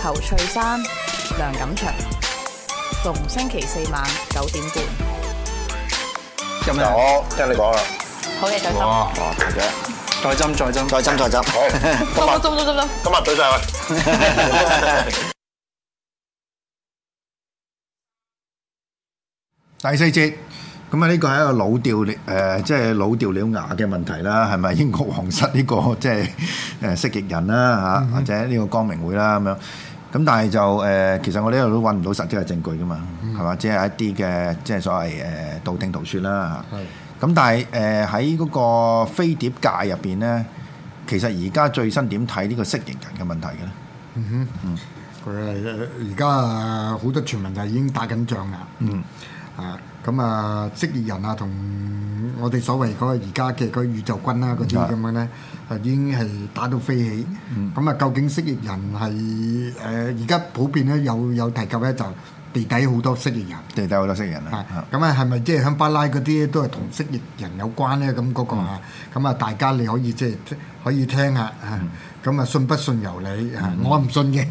侯翠珊、梁錦祥，逢星期四晚九點半。咁樣，我聽你講啦。好嘢，再斟。哇，大姐，再斟，再斟，再斟，再斟。好，今日，今日懟晒佢。第四節，咁啊，呢個係一個老掉，誒，即係老掉了牙嘅問題啦，係咪？英國皇室呢個即係誒，蜥蜴人啦吓，或者呢個光明會啦咁樣。咁但係就誒、呃，其實我呢度都揾唔到實質嘅證據噶嘛，係嘛、嗯？只係一啲嘅，即係所謂誒、呃、道聽途説啦嚇。咁是但係誒喺嗰個飛碟界入邊咧，其實而家最新點睇呢個適應人嘅問題嘅咧？嗯、哼，嗯，佢而家啊好多傳聞就已經打緊仗啦。嗯，啊咁啊，適應、啊、人啊同，我哋所謂嗰個而家嘅嗰宇宙軍啦，嗰啲咁樣咧，係已經係打到飛起。咁啊、嗯，究竟蜥蜴人係誒而家普遍咧有有提及咧，就地底好多蜥蜴人。地底好多蜥蜴人啊！咁啊是，係咪即係香巴拉嗰啲都係同蜥蜴人有關咧？咁、那、嗰個咁啊，嗯、大家你可以即係可以聽下。咁啊、嗯，信不信由你、嗯、我唔信嘅。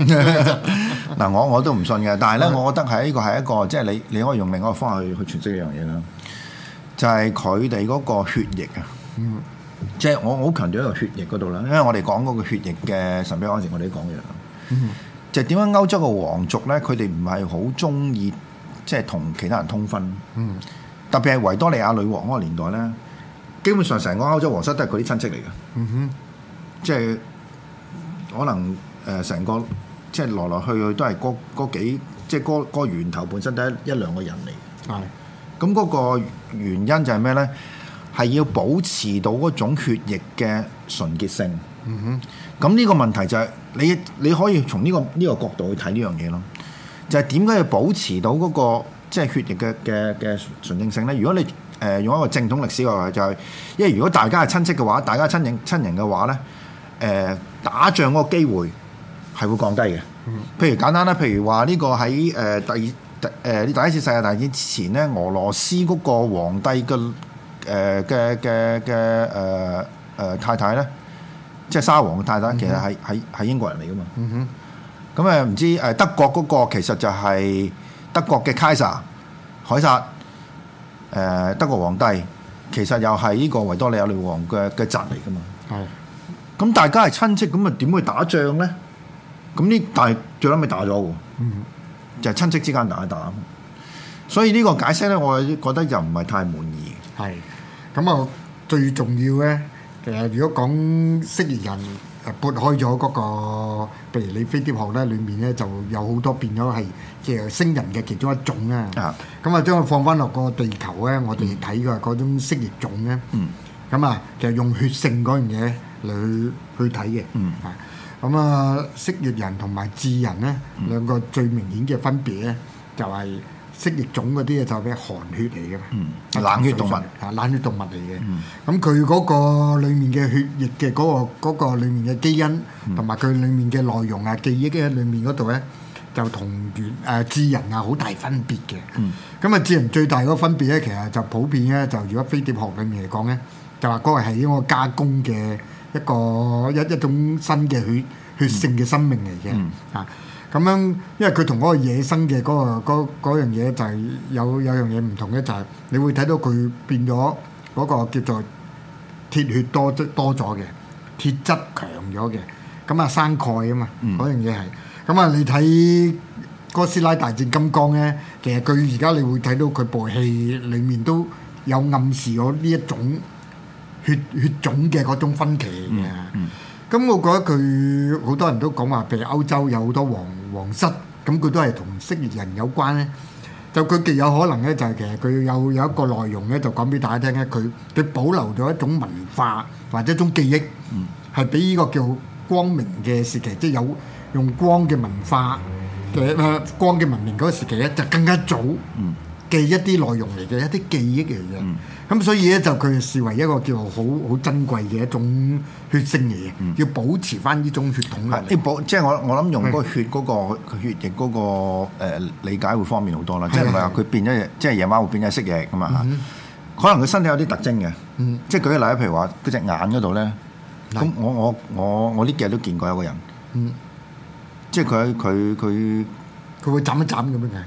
嗱， 我我都唔信嘅，但係咧，我覺得喺呢個係一個即係、就是、你你，你可以用另一個方法去去詮釋呢樣嘢啦。就係佢哋嗰個血液啊，即、就、係、是、我好強調一個血液嗰度啦，因為我哋講嗰個血液嘅神秘安情，我哋都講嘢啦。就點、是、解歐洲嘅皇族咧，佢哋唔係好中意即係同其他人通婚？特別係維多利亞女王嗰個年代咧，基本上成個歐洲皇室都係佢啲親戚嚟嘅。即係、mm hmm. 可能誒，成、呃、個即係來來去去都係嗰幾即係嗰個源頭本身都係一,一兩個人嚟。係、嗯。咁嗰個原因就係咩呢？係要保持到嗰種血液嘅純潔性。嗯哼。咁呢個問題就係、係、你你可以從呢、呢個呢、呢個角度去睇呢樣嘢咯。就係點解要保持到嗰、嗰個即係血液嘅嘅嘅純正性呢？如果你誒、呃、用一個正統歷史嚟講、就係，就係因為如果大家係親戚嘅話，大家親，親人親人嘅話呢，誒、呃、打仗嗰個機會係會降低嘅。嗯、譬如簡單啦，譬如話呢個喺誒第。呃誒，你第一次世界大戰之前咧，俄羅斯嗰個皇帝嘅誒嘅嘅嘅誒誒太太咧，即係沙皇嘅太太，其實係係係英國人嚟噶嘛？嗯、哼，咁誒唔知誒德國嗰個其實就係德國嘅凱撒，凱撒，誒、呃、德國皇帝，其實又係呢個維多利亞女王嘅嘅侄嚟噶嘛？係的，咁、嗯、大家係親戚，咁啊點會打仗咧？咁呢但係最屘尾打咗喎？嗯哼。就係親戚之間打一打，所以呢個解釋咧，我覺得又唔係太滿意。係，咁啊最重要咧，其實如果講蜥蜴人，撥開咗嗰個，譬如你飛碟學咧，裏面咧就有好多變咗係即係星人嘅其中一種啊。咁啊的將佢放翻落個地球咧，我哋睇嘅嗰種蜥蜴種咧，嗯，咁啊就用血性嗰樣嘢嚟去去睇嘅，嗯啊。咁啊，蜥蜴人同埋智人咧，兩個最明顯嘅分別咧，就係蜥蜴種嗰啲啊，就咩寒血嚟嘅，冷血動物嚇、嗯，冷血動物嚟嘅。咁佢嗰個裡面嘅血液嘅嗰個嗰個裡面嘅基因，同埋佢裡面嘅內容啊，記憶嘅裡面嗰度咧，就同月誒智人啊好大分別嘅。咁啊、嗯，智人最大嗰個分別咧，其實就普遍咧，就如果飛碟學裏面嚟講咧，就話嗰個係一個加工嘅。一個，一一種新嘅血，血性嘅生命嚟嘅，啊，咁樣，因為佢同嗰個野生嘅嗰個，嗰，嗰樣嘢就係有，有樣嘢唔同嘅，就係你會睇到佢變咗嗰個，叫做鐵血多，多咗嘅鐵質，強咗嘅。咁啊生鈣啊嘛，嗰樣嘢係，咁啊你睇哥斯拉大戰金剛呢，其實佢而家你會睇到佢部戲裡面都有暗示咗呢一種血血種嘅嗰種分歧嚟，咁我覺得佢好多人都講話，譬如歐洲有好多皇皇室，咁佢都係同蜥蜴人有關呢，就佢極有可能呢、就係，就係其實佢有有一個內容呢，就講俾大家聽呢佢佢保留咗一種文化或者一種記憶，係俾呢個叫光明嘅時期，即係有用光嘅文化、嗯、光嘅文明嗰個時期咧，就更加早。嗯記一啲內容嚟嘅，一啲記憶嚟嘅，咁所以咧就佢視為一個叫好好珍貴嘅一種血性嘢，要保持翻呢種血統，即係我我諗用嗰血嗰個血液嗰個理解會方便好多啦，即係唔係話佢變咗即係夜晚會變咗蜥蜴嘅嘛，可能佢身體有啲特徵嘅，即係舉個例，譬如話嗰隻眼嗰度咧，咁我我我我呢幾日都見過一個人，即係佢佢佢佢會眨一眨咁樣嘅。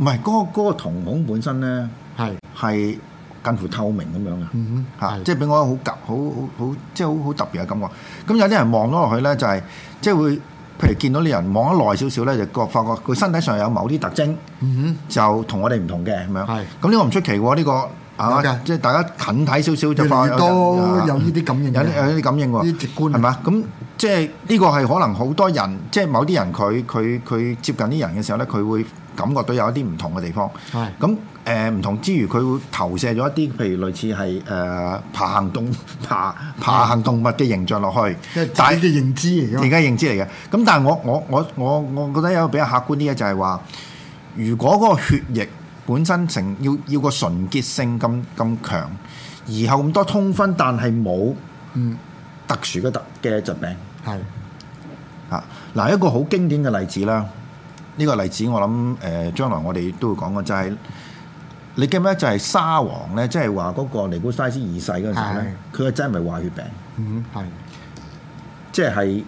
唔係嗰個嗰個瞳孔本身咧，係係近乎透明咁樣嘅，嚇，即係俾我一個好夾好好好，即係好好特別嘅感覺。咁有啲人望咗落去咧，就係即係會，譬如見到啲人望得耐少少咧，就覺發覺佢身體上有某啲特徵，嗯哼，就同我哋唔同嘅咁樣。係，咁呢個唔出奇喎，呢個啊，即係大家近睇少少就發覺有呢啲感應，有有啲感應喎，啲直觀係嘛？咁即係呢個係可能好多人，即係某啲人佢佢佢接近啲人嘅時候咧，佢會。感覺到有一啲唔同嘅地方，係咁誒唔同之餘，佢會投射咗一啲，譬如類似係誒爬行動爬爬行動物嘅形象落去，即係自己嘅認知嚟嘅，而家認知嚟嘅。咁但係我我我我我覺得有個比較客觀啲嘅就係話，如果嗰個血液本身成要要個純潔性咁咁強，而後咁多通分，但係冇嗯特殊嘅突嘅疾病係啊嗱，一個好經典嘅例子啦。呢個例子我諗誒、呃，將來我哋都會講嘅，就係你記唔記得就係沙皇咧，即係話嗰個尼古拉斯二世嗰陣咧，佢嘅是的 真係壞血病。嗯的，係是，即係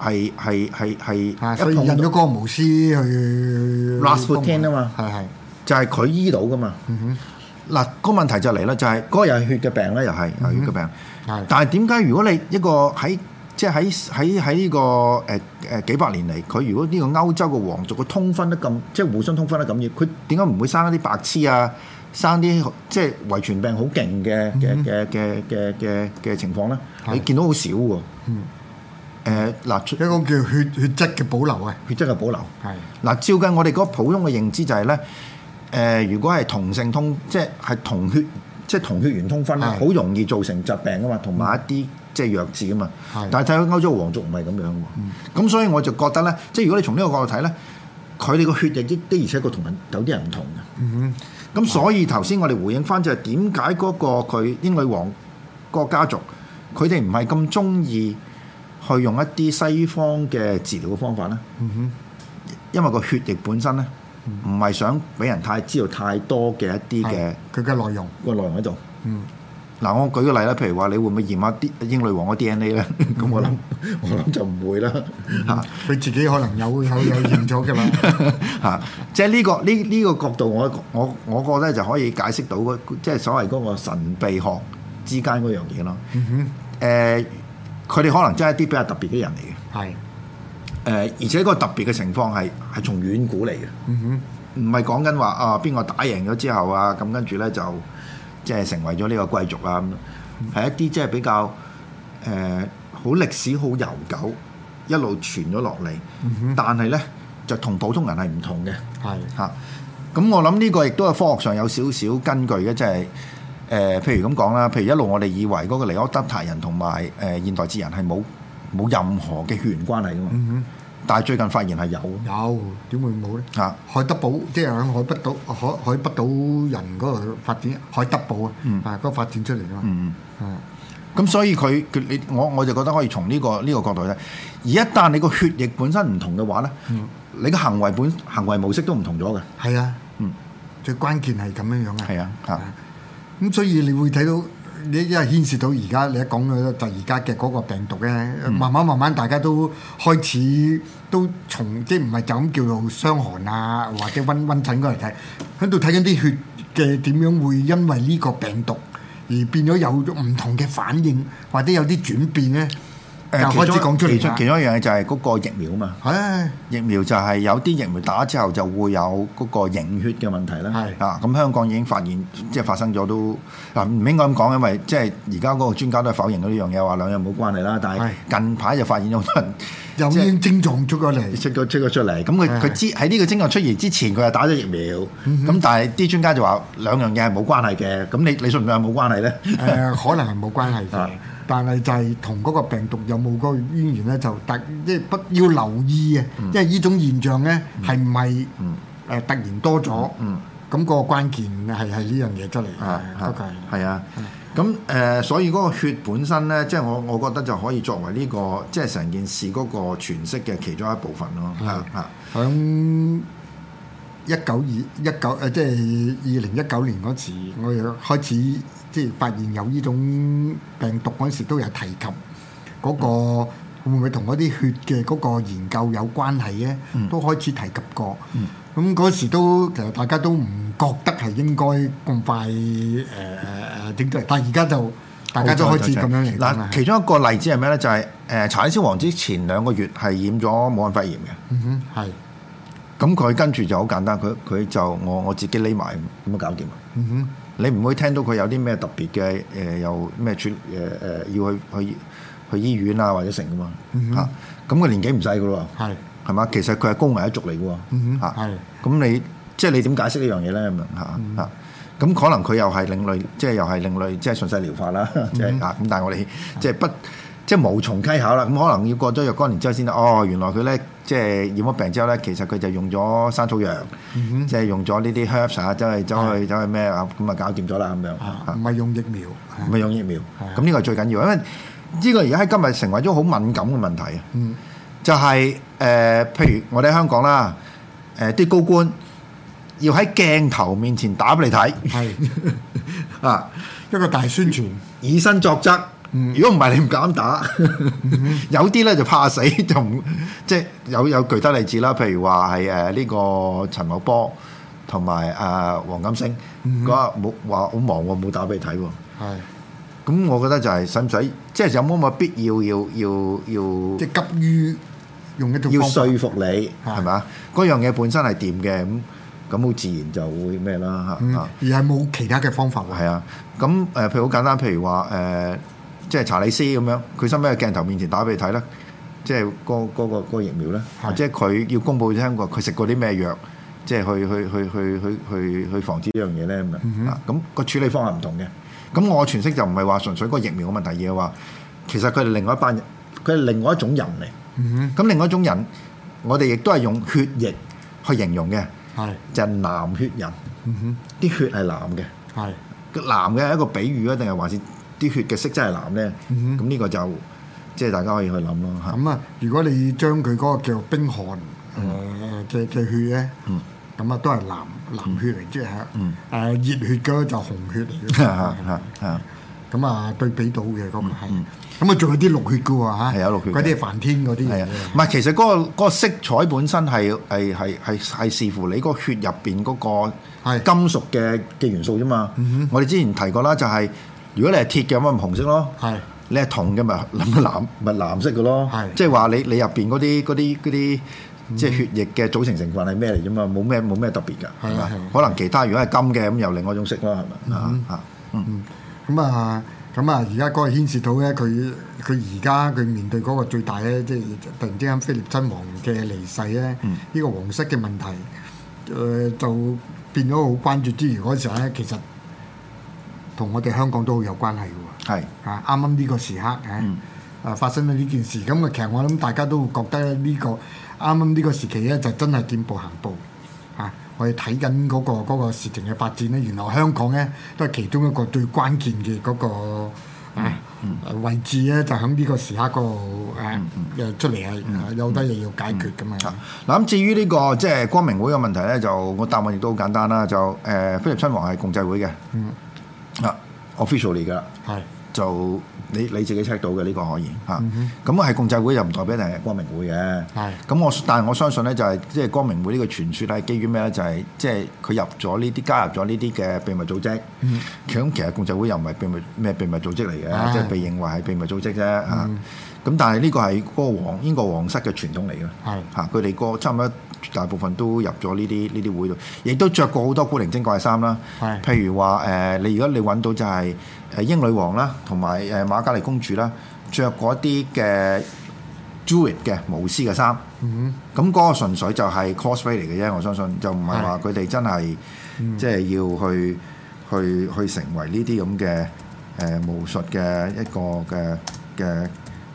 係係係係，佢引咗個巫師去拉斯普京啊嘛，係係，就係佢醫到嘅嘛。嗱是的 個問題就嚟、是、啦，就係嗰個又係血嘅病咧，又係血嘅病。的但係點解如果你一個喺即喺喺喺呢個誒誒幾百年嚟，佢如果呢個歐洲嘅皇族佢通婚得咁，即互相通婚得咁熱，佢點解唔會生一啲白痴啊、生啲即遺傳病好勁嘅嘅嘅嘅嘅嘅情況咧？你見到好少喎。嗯。誒嗱，一個叫血血質嘅保留啊，血質嘅保留。係。嗱，照計我哋嗰個普通嘅認知就係咧，誒，如果係同性通，即係同血，即係同血緣通婚，好容易造成疾病噶嘛，同埋一啲。即係弱智啊嘛，但係睇歐洲皇族唔係咁樣喎，咁的所以我就覺得咧，即係如果你從呢個角度睇咧，佢哋個血液的的而且確同人有啲人唔同嘅。咁、嗯、哼所以頭先我哋回應翻就係點解嗰個佢英女王個家族佢哋唔係咁中意去用一啲西方嘅治療嘅方法咧？嗯、哼因為個血液本身咧唔係想俾人太知道太多嘅一啲嘅佢嘅內容個內容喺度。嗯嗱，我舉個例啦，譬如話，你會唔會驗下啲英女王嘅 DNA 咧？ 咁我諗，我諗就唔會啦。嚇、 嗯，佢自己可能有有有驗咗嘅啦。嚇 啊，即係呢、呢個呢呢、呢個呢個角度我，我我我覺得就可以解釋到即係、就是、所謂嗰個神秘學之間嗰樣嘢咯。Mm hmm. 嗯，佢哋可能真係一啲比較特別嘅人嚟嘅。係是。誒，而且個特別嘅情況係係從遠古嚟嘅。唔係講緊話啊邊個打贏咗之後啊，咁跟住咧就。就就就即係成為咗呢個貴族啦，咁樣係一啲即係比較誒好、呃、歷史好悠久，一路傳咗落嚟。但係呢，就同普通人係唔同嘅。係嚇是的、啊，咁我諗呢個亦都係科學上有少少根據嘅，即係誒譬如咁講啦，譬如一路我哋以為嗰個尼安德特人同埋誒現代智人係冇冇任何嘅血緣關係㗎嘛。嗯但係最近發現係有，有，有點會冇咧？啊的，海德堡即係響海北島，海海北島人嗰度發展，海德堡啊，係嗰發展出嚟噶嘛。嗯嗯，咁所以佢你我我就覺得可以從呢、呢個呢、呢個角度咧。而一旦你個血液本身唔同嘅話咧，嗯、你嘅行為本行為模式都唔同咗嘅。係啊，嗯，最關鍵係咁樣樣啊。係啊，嚇，咁所以你會睇到。你一牽涉到而家，你一講到就而家嘅嗰個病毒咧，慢慢慢慢大家都開始都從即係唔係就咁叫做傷寒啊，或者瘟瘟症嗰嚟睇，喺度睇緊啲血嘅點樣會因為呢個病毒而變咗有唔同嘅反應，或者有啲轉變咧。誒，其中其中其中一樣嘢就係嗰個疫苗啊嘛，係疫苗就係有啲疫苗打之後就會有嗰個凝血嘅問題啦。係啊，咁香港已經發現即係發生咗都，嗱，唔應該咁講，因為即係而家嗰個專家都否認咗呢樣嘢話兩樣冇關係啦。但係近排就發現咗有個人有咩症狀出咗嚟，出咗出咗出嚟，咁佢佢知喺呢個症狀出現之前佢又打咗疫苗，咁但係啲專家就話兩樣嘢係冇關係嘅，咁你你信唔信係冇關係咧？誒，可能係冇關係嘅。但係就係同嗰個病毒有冇嗰個淵源咧，就特即係不要留意嘅，因為呢種現象咧係唔係誒突然多咗，咁個、嗯嗯、關鍵係係呢樣嘢出嚟。係啊，咁誒、啊，所以嗰個血本身咧，即、就、係、是、我我覺得就可以作為呢、這個即係成件事嗰個詮釋嘅其中一部分咯。嚇嚇、啊，響、啊嗯。一九二一九誒，即係二零一九年嗰時，我哋開始即係發現有呢種病毒嗰時，時都有提及嗰、那個、嗯、會唔會同嗰啲血嘅嗰個研究有關係咧？都開始提及過。咁嗰、嗯、時都其實大家都唔覺得係應該咁快誒誒誒點解，但係而家就大家都開始咁樣嚟。嗱，其中一個例子係咩咧？就係誒查理斯王之前兩個月係染咗武漢肺炎嘅。嗯、哼，係。咁佢跟住就好簡單，佢佢就我我自己匿埋咁樣搞掂。嗯哼，你唔會聽到佢有啲咩特別嘅誒，又咩出誒誒要去去去醫院啊或者成噶嘛？嗯哼，咁佢年紀唔細噶咯喎。係，係嘛？其實佢係高危一族嚟噶喎。嗯，咁你即係你點解釋呢樣嘢咧？咁樣嚇嚇，咁可能佢又係另類，即係又係另類，即係順勢療法啦。即係嚇咁，但係我哋即係不即係無從稽考啦。咁可能要過咗若干年之後先得。哦，原來佢咧。即係染咗病之後咧，其實佢就用咗生草藥，mm hmm. 即係用咗呢啲 herbs 啊，走去走去走去咩啊？咁啊搞掂咗啦，咁樣唔係用疫苗，唔係、啊、用疫苗，咁呢、啊嗯、個係最緊要，因為呢個而家喺今日成為咗好敏感嘅問題啊。嗯、就係、是、誒、呃，譬如我哋香港啦，誒、呃、啲高官要喺鏡頭面前打俾你睇，係啊，一個大宣傳，以身作則。如果唔係你唔敢打，有呢，有啲咧就怕死，women, 就即係有有具體例子啦。譬如話係誒，呢個陳茂波同埋阿黃錦星，嗰日冇話好忙 sieht,、uh，冇打俾你睇。係、mm，咁我覺得就係使唔使即係有冇冇必要要要要？即係急於用一種要說服你係咪？嗰樣嘢本身係掂嘅，咁咁好自然就會咩啦吓？而係冇其他嘅方法。係啊，咁誒，譬如好簡單，譬如話誒。即係查理斯咁樣，佢使唔使喺鏡頭面前打俾你睇啦？即係嗰嗰個嗰個疫苗咧？即係佢要公佈聽過，佢食過啲咩藥？即係去去去去去去去防止呢樣嘢咧咁樣。咁個處理方法唔同嘅。咁我詮釋就唔係話純粹嗰個疫苗嘅問題，而係話其實佢係另外一班人，佢係另外一種人嚟。咁另外一種人，我哋亦都係用血液去形容嘅，就係藍血人。啲血係藍嘅。個藍嘅係一個比喻啊，定係還是？啲血嘅色真係藍咧，咁呢個就即係大家可以去諗咯嚇。咁啊，如果你將佢嗰個叫冰寒嘅嘅嘅血咧，咁啊都係藍藍血嚟，即係嚇。誒熱血嗰就紅血嚟嘅。咁啊對比到嘅咁係，咁啊仲有啲綠血嘅喎嚇。係血，啲係梵天嗰啲。係啊，唔係其實嗰個嗰個色彩本身係係係係係視乎你嗰個血入邊嗰個係金屬嘅嘅元素啫嘛。我哋之前提過啦，就係。如果你係鐵嘅，咁、就、咪、是、紅色咯；是的 你係銅嘅，咪諗藍，咪藍色嘅咯。即係話你你入邊嗰啲嗰啲嗰啲即係血液嘅組成成分係咩嚟啫嘛？冇咩冇咩特別㗎，係嘛？可能、嗯嗯、其他如果係金嘅咁，又另外一種色啦，係咪、嗯？咁啊咁啊，而家嗰個牽涉到咧，佢佢而家佢面對嗰個最大咧，即係突然之間菲臘親王嘅離世咧，呢個黃色嘅問題，誒就變咗好關注之餘嗰時候咧，其實。同我哋香港都好有關係嘅喎，係啊是！啱啱呢個時刻，誒、嗯，誒、啊、發生咗呢件事，咁其實，我諗大家都會覺得呢、這個啱啱呢個時期咧，就真係見步行步啊！我哋睇緊嗰個事情嘅發展咧，原來香港咧都係其中一個最關鍵嘅嗰、那個啊位置咧，就喺呢個時刻嗰度誒出嚟係、啊、有啲嘢要解決嘅嘛。嗱，咁至於呢、這個即係、就是、光明會嘅問題咧，就我答案亦都好簡單啦，就誒菲臘親王係共濟會嘅。嗯啊，official 嚟噶，係、uh, 是就你你自己 check 到嘅呢、呢個可以嚇，咁我係共濟會又唔代表一定係光明會嘅，係咁是我，但我相信咧就係即係光明會個傳呢個傳說係基於咩咧？就係、是、即係佢入咗呢啲加入咗呢啲嘅秘密組織，咁、嗯、其實共濟會又唔係秘密咩秘密組織嚟嘅，即係是被認為係秘密組織啫嚇，咁是、啊、但係呢個係嗰個皇英國皇室嘅傳統嚟嘅，係嚇佢哋個差唔多。大部分都入咗呢啲呢啲會度，亦都著過好多古靈精怪嘅衫啦。譬如話誒，你如果你揾到就係誒英女王啦，同埋誒瑪嘉烈公主啦，著嗰啲嘅 Druid 嘅巫師嘅衫。嗯，咁嗰個純粹就係 cosplay 嚟嘅啫，我相信就唔係話佢哋真係即係要去去去成為呢啲咁嘅誒巫術嘅一個嘅嘅，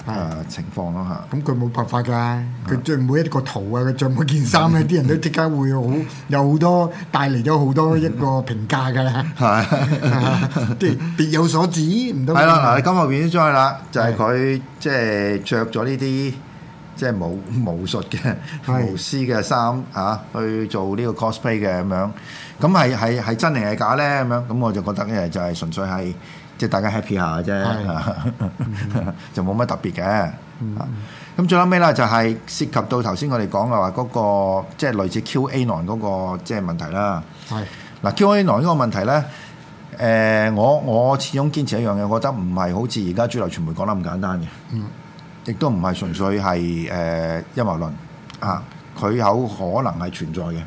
誒情況咯嚇，咁佢冇辦法㗎，佢着每一個圖啊，佢着每件衫咧，啲人都即刻會好有好多帶嚟咗好多一個評價㗎啦，係嘛？啲別有所指唔多。係啦，嗱，今日變咗出嚟啦，就係佢即係着咗呢啲即係巫巫術嘅、巫師嘅衫嚇去做呢個 cosplay 嘅咁樣，咁係係係真定係假咧？咁樣，咁我就覺得咧就係純粹係。即係大家 happy 下啫，的 就冇乜特別嘅。咁、嗯啊、最後尾啦，就係涉及到頭先我哋講嘅話、那個，嗰個即係類似 QAnon 嗰個即係問題啦。係嗱，QAnon 呢個問題咧，誒的、啊呃，我我始終堅持一樣嘢，我覺得唔係好似而家主流傳媒講得咁簡單嘅，亦都唔係純粹係誒陰謀論啊，佢有可能係存在嘅。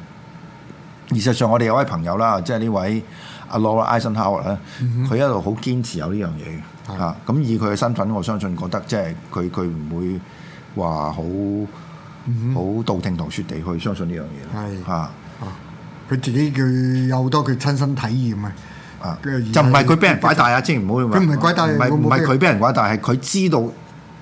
事實上，我哋有位朋友啦，即係呢位。阿 Laura Eisenhower 咧，佢一路好堅持有呢樣嘢嘅嚇。咁以佢嘅身份，我相信覺得即係佢佢唔會話好好道聽途説地去相信呢樣嘢咯。係嚇，佢自己佢有好多佢親身體驗啊。啊，就唔係佢俾人拐帶啊！千祈唔好，佢唔係拐帶，唔係佢俾人拐帶，係佢知道。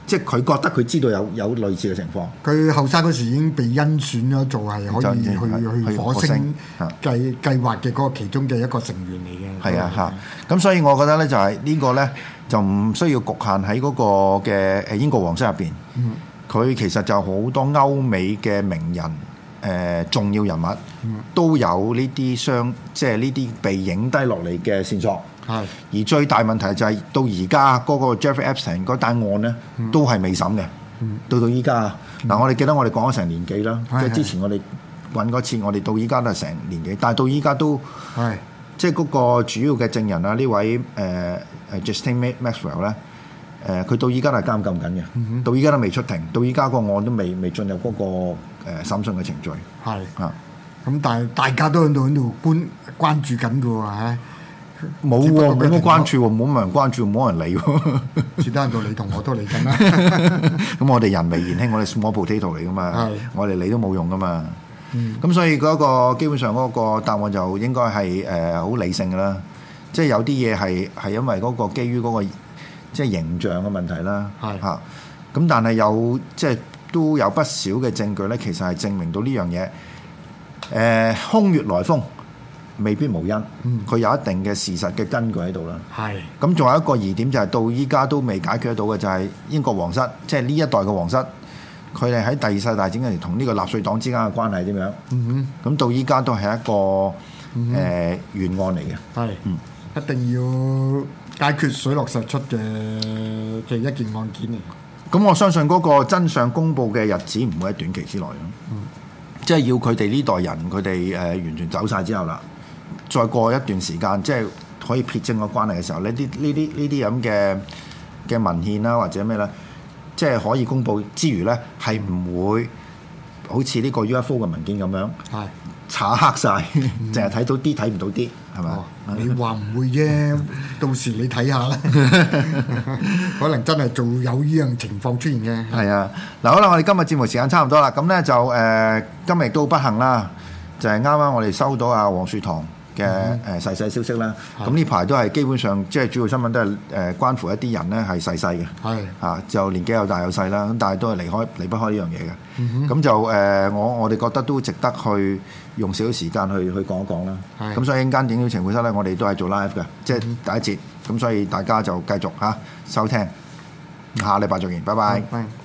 即係佢覺得佢知道有有類似嘅情況。佢後生嗰時已經被甄選咗做係可以去，就係，去火星的計，計劃嘅嗰個其中嘅一個成員嚟嘅。係啊嚇，咁所以我覺得咧就係、係、呢個咧就唔需要局限喺嗰個嘅誒英國皇室入邊。佢、嗯、其實就好多歐美嘅名人。誒、呃、重要人物都有呢啲相，即係呢啲被影低落嚟嘅線索。係是的 而最大問題就係到而家嗰個 Jeffrey Epstein 嗰單案咧，都係未審嘅。到到依家啊，嗱、嗯、我哋記得我哋講咗成年幾啦，是的 即係之前我哋揾嗰次，我哋到依家都係成年幾，但係到依家都係是的 即係嗰個主要嘅證人啊，呢位誒誒、呃、Justin Maxwell 咧、呃，誒佢到依家都係監禁緊嘅，到依家都未出庭，到依家個案都未未進入嗰個。嗯誒審訊嘅程序係啊。咁的的但係大家都喺度喺度關關注緊嘅喎，冇喎，冇乜關注，冇乜人關注，冇人理喎。單到你同我都理緊啦。咁我哋人微言輕，我哋 small potato 嚟噶的嘛，我哋理都冇用噶嘛。咁所以嗰個基本上嗰個答案就應該係誒好理性嘅啦。即係有啲嘢係係因為嗰個基於嗰個即係形象嘅問題啦。係咁的的但係有即係。都有不少嘅證據咧，其實係證明到呢樣嘢，誒、呃、空穴來風未必無因，佢、嗯、有一定嘅事實嘅根據喺度啦。係是。咁仲有一個疑點就係、是、到依家都未解決得到嘅就係英國皇室，即係呢一代嘅皇室，佢哋喺第二世大戰嘅時同呢個納粹黨之間嘅關係點樣？嗯哼。咁到依家都係一個誒懸、嗯哼呃、案嚟嘅。係是。嗯、一定要解決水落石出嘅嘅一件案件嚟。咁我相信嗰個真相公佈嘅日子唔會喺短期之內咯，嗯、即係要佢哋呢代人佢哋誒完全走晒之後啦，再過一段時間，即係可以撇清個關係嘅時候，呢啲呢啲呢啲咁嘅嘅文獻啦、啊，或者咩咧，即係可以公佈之餘咧，係唔會好似呢個 UFO 嘅文件咁樣，查是的 黑晒，淨係睇到啲睇唔到啲。係嘛、哦，你話唔會啫， 到時你睇下啦。 可能真係做有呢樣情況出現嘅。係 啊，嗱，好啦，我哋今日節目時間差唔多啦。咁咧就誒、呃，今日都不幸啦，就係啱啱我哋收到阿、啊、黃樹棠。嘅誒細細消息啦，咁呢排都係基本上即係、就是、主要新聞都係誒、呃、關乎一啲人咧係細細嘅，嚇、mm hmm. 啊、就年紀又大又細啦，咁但係都係離開離不開呢樣嘢嘅，咁、mm hmm. 就誒、呃、我我哋覺得都值得去用少少時間去去講一講啦，咁、mm hmm. 啊、所以陣間點樣情況室咧，我哋都係做 live 嘅，即、就、係、是、第一節，咁所以大家就繼續嚇、啊、收聽，下禮拜再見，拜拜。Mm hmm.